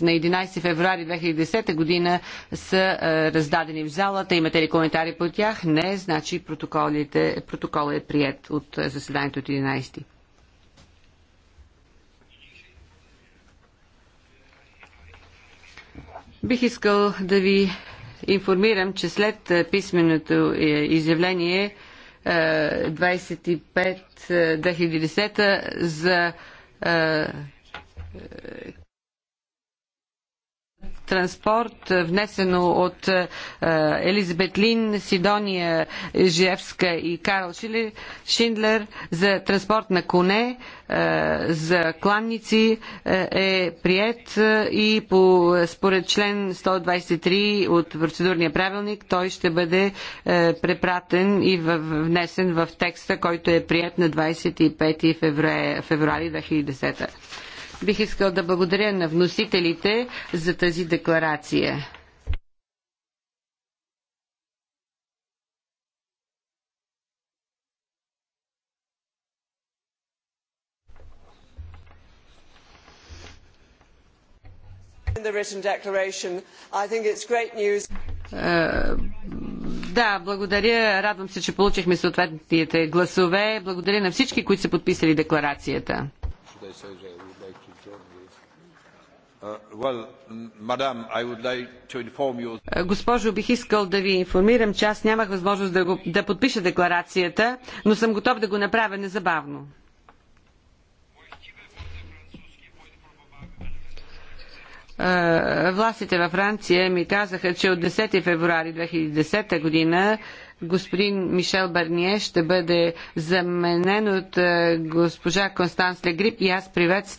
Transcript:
на 11 февруари 2010 година са е, раздадени в залата. Имате ли коментари по тях? Не, значи протокол е прият от е, заседанието от 11. Бих искал да ви информирам, че след е, писменото изявление 25-2010 за транспорт, внесено от е, е, Елизабет Лин, Сидония Жевска и Карл Шиндлер за транспорт на коне е, за кланници е прият и по, според член 123 от процедурния правилник той ще бъде препратен и внесен в текста, който е прият на 25 февруари 2010. Бих искал да благодаря на вносителите за тази декларация. Е, да, благодаря. Радвам се, че получихме съответните гласове. Благодаря на всички, които са подписали декларацията they say they would like to join this. Uh, well, like you... Е, госпожо, бих искал да ви информирам, че аз нямах възможност да, го, да подпиша декларацията, но съм готов да го направя незабавно. Властите във Франция ми казаха, че от 10 февруари 2010 година господин Мишел Барние ще бъде заменен от госпожа Констанс Легрип и аз приветствам